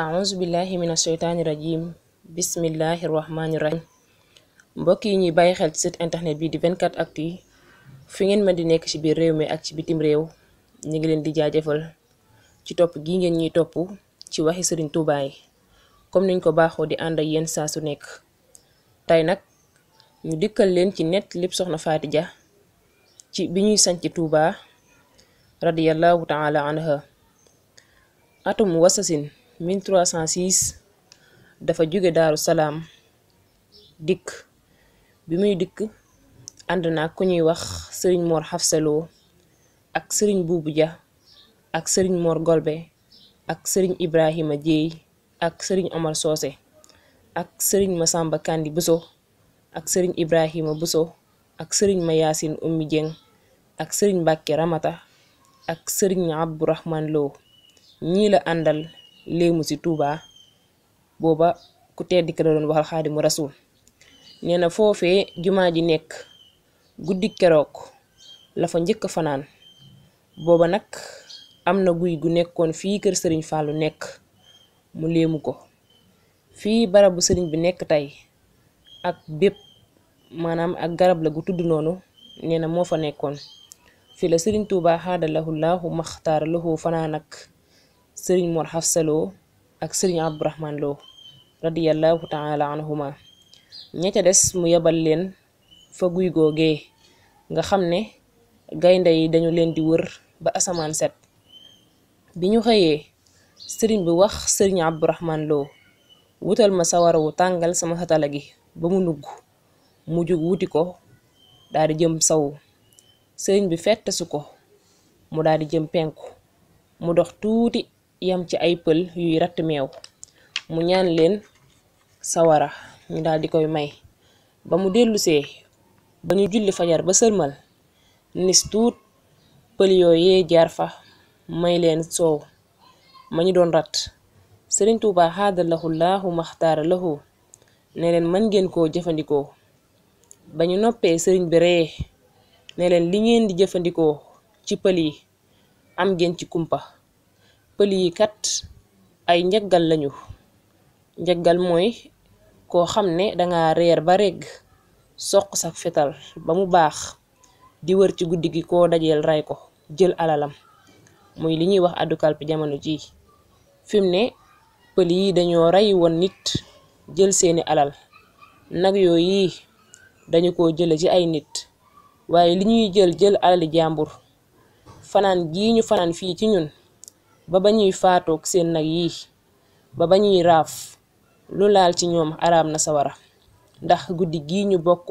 aawuzu billahi min asheytaani rajim bismillahi rahmaani rahim mbokk yi ñuy bàyyi xel ci site internet bi di 24 actu yi fi ngeen mën di nekk ci biir réew mi ak ci bitim réew ñu ngi leen di jaajëfal ci topp gi ngeen ñuy topp ci waxi sëriñ Touba yi comme niñ ko baaxoo di ànd ak yéen saa su nekk tey nag ñu dikkal leen ci net lépp soxna Faty ja ci bi ñuy sanc Touba radiyallahu taala anha atum wasasin 1306 dafa jóge daaru salaam dikk bi muy dikk ànd na ku ñuy wax sëriñ moor xafsaloo ak sëriñ buubu ja ak sëriñ moor golbe ak sëriñ ibrahima jéey ak sëriñ omar soose ak sëriñ masamba kandi buso ak sëriñ ibrahima buso ak sëriñ mayaasin ummi jeng ak sëriñ mbàkke ramata ak sëriñ abdourahman loo ñii la àndal léemu si Touba booba ku tedd ki la doon waxal xaadimu rasul nee na foofee jumaa ji nekk guddi keroog la fa njëkk fanaan booba nag am na guy gu nekkoon fii kër sëriñ Fallou nekk mu léemu ko fii barabu sëriñ bi nekk tey ak bépp maanaam ak garab la gu tudd noonu nee na moo fa nekkoon fi la sëriñ Touba xaadalahulaahu maxtaar lahu fanaan ak sëriñ Mor Hafsa Lo ak sëriñ Abdourahman Lo radiyallahu taala anhuma ña ca des mu yebal leen fa guy googee nga xam ne gaynde yi dañu leen di wër ba asamaan set bi ñu xëyee sëriñ bi wax sëriñ Abdourahman Lo wutal ma sawara wu tàngal sama satala gi ba mu nugg mu jug wuti ko daal di jëm saw sëriñ bi fettesu ko mu daal di jëm penku mu dox tuuti yam ci ay pël yuy ratt meew mu ñaan leen sawara ñu daal koy may ba mu dellusee ba ñu julli fajar ba sërmal nis tuut pël yooyee jaar fa may leen soow ma ñu doon ratt sëriñ Tuuba xaada lahu laahu maxtaara lahu ne leen man ngeen koo jëfandikoo ba ñu noppee sëriñ bi ree ne leen li ngeen di jëfandikoo ci pël yi am ngeen ci kumpa pël yi kat ay njëggal lañu njëggal mooy koo xam ne danga reer ba regg soq sa fetal ba mu baax di wër ci guddi gi koo dajeel rey ko jël alalam mooy li ñuy wax addu kalpe jamono jii fi mu ne pël yi dañoo rey woon nit jël seeni alal nag yooyu dañu ko jële ci ay nit waaye li ñuy jël jël alali jàmbur fanaan gii ñu fanaan fii ci ñun ba ba ñuy faatoog seen nag yi ba ba ñuy raaf lu laal ci ñoom araam na sawara ndax guddi gii ñu bokk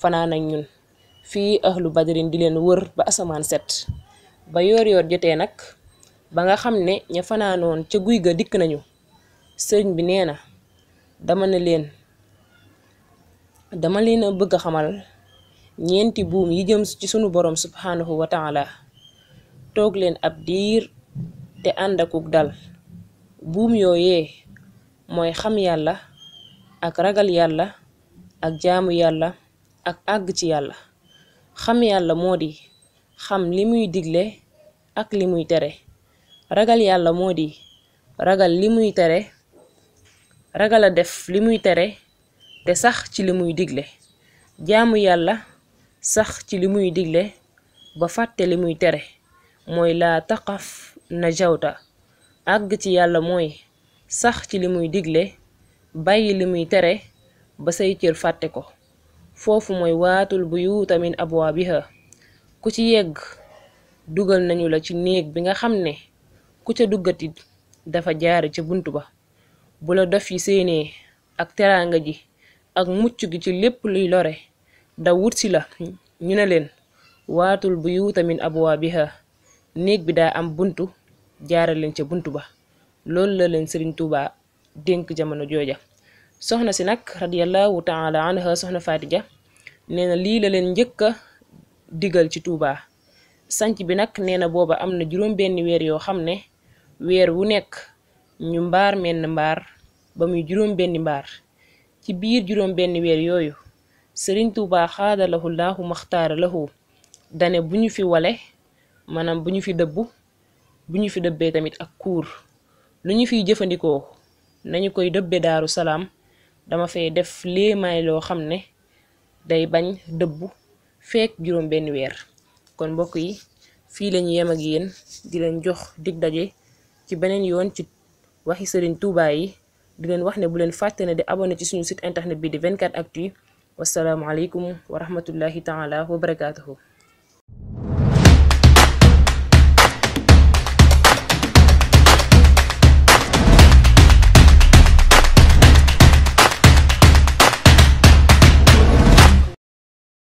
fanaan ak ñun fii ahlu badrin di leen wër ba asamaan set ba yoor yoor jotee nag ba nga xam ne ña fanaanoon ca guy ga dikk nañu sëriñ bi nee na dama ne leen dama leen a bëgg a xamal ñeenti buum yi jëm ci sunu borom subhaanahu wa taala toog leen ab diir te ànd akuk dal buum yooyee mooy xam yàlla ak ragal yàlla ak jaamu yàlla ak àgg ci yàlla xam yàlla moo di xam li muy digle ak li muy tere ragal yàlla moo di ragal li muy tere ragal a def li muy tere te sax ci li muy digle jaamu yàlla sax ci li muy digle ba fàtte li muy tere mooy laa taqaf na jawta àgg ci yàlla mooy sax ci li muy digle bàyyi li muy tere ba say cër fàtte ko foofu mooy waatul buyuuta min abwaabiha ku ci yegg dugal nañu la ci néeg bi nga xam ne ku ca duggati dafa jaare ca bunt ba bu la dof yi séenee ak teraanga ji ak mucc gi ci lépp luy lore da wutsi la ñu ne leen waatul buyuuta min abwaabiha néeg bi daa am buntu jaarale leen ca buntu ba loolu la leen sëriñ Touba dénk jamono jooja soxna si nag radiyallahu taala anha soxna Fatija nee na lii la leen njëkk a digal ci Touba sanc bi nag nee na booba am na juróom-benni weer yoo xam ne weer wu nekk ñu mbaar menn mbaar ba muy juróom-benni mbaar ci biir juróom-benni weer yooyu sëriñ Touba xaada lahu laahu maxtaara lahu dane bu ñu fi wale maanaam bu ñu fi dëbb bu ñu fi dëbbee tamit ak kuur lu ñu fiy jëfandikoo nañu koy dëbbee daaru salaam dama fay def léemaay loo xam ne day bañ dëbb feek juróom benn weer kon mbokk yi fii lañu yem ak yéen di leen jox dig daje ci beneen yoon ci waxi sëriñ Tuubaa yi di leen wax ne bu leen fàtte ne di abonné ci suñu site internet bi di 24actu wasalaamualeykum wa rahmatullahi taala wa barakaatuhu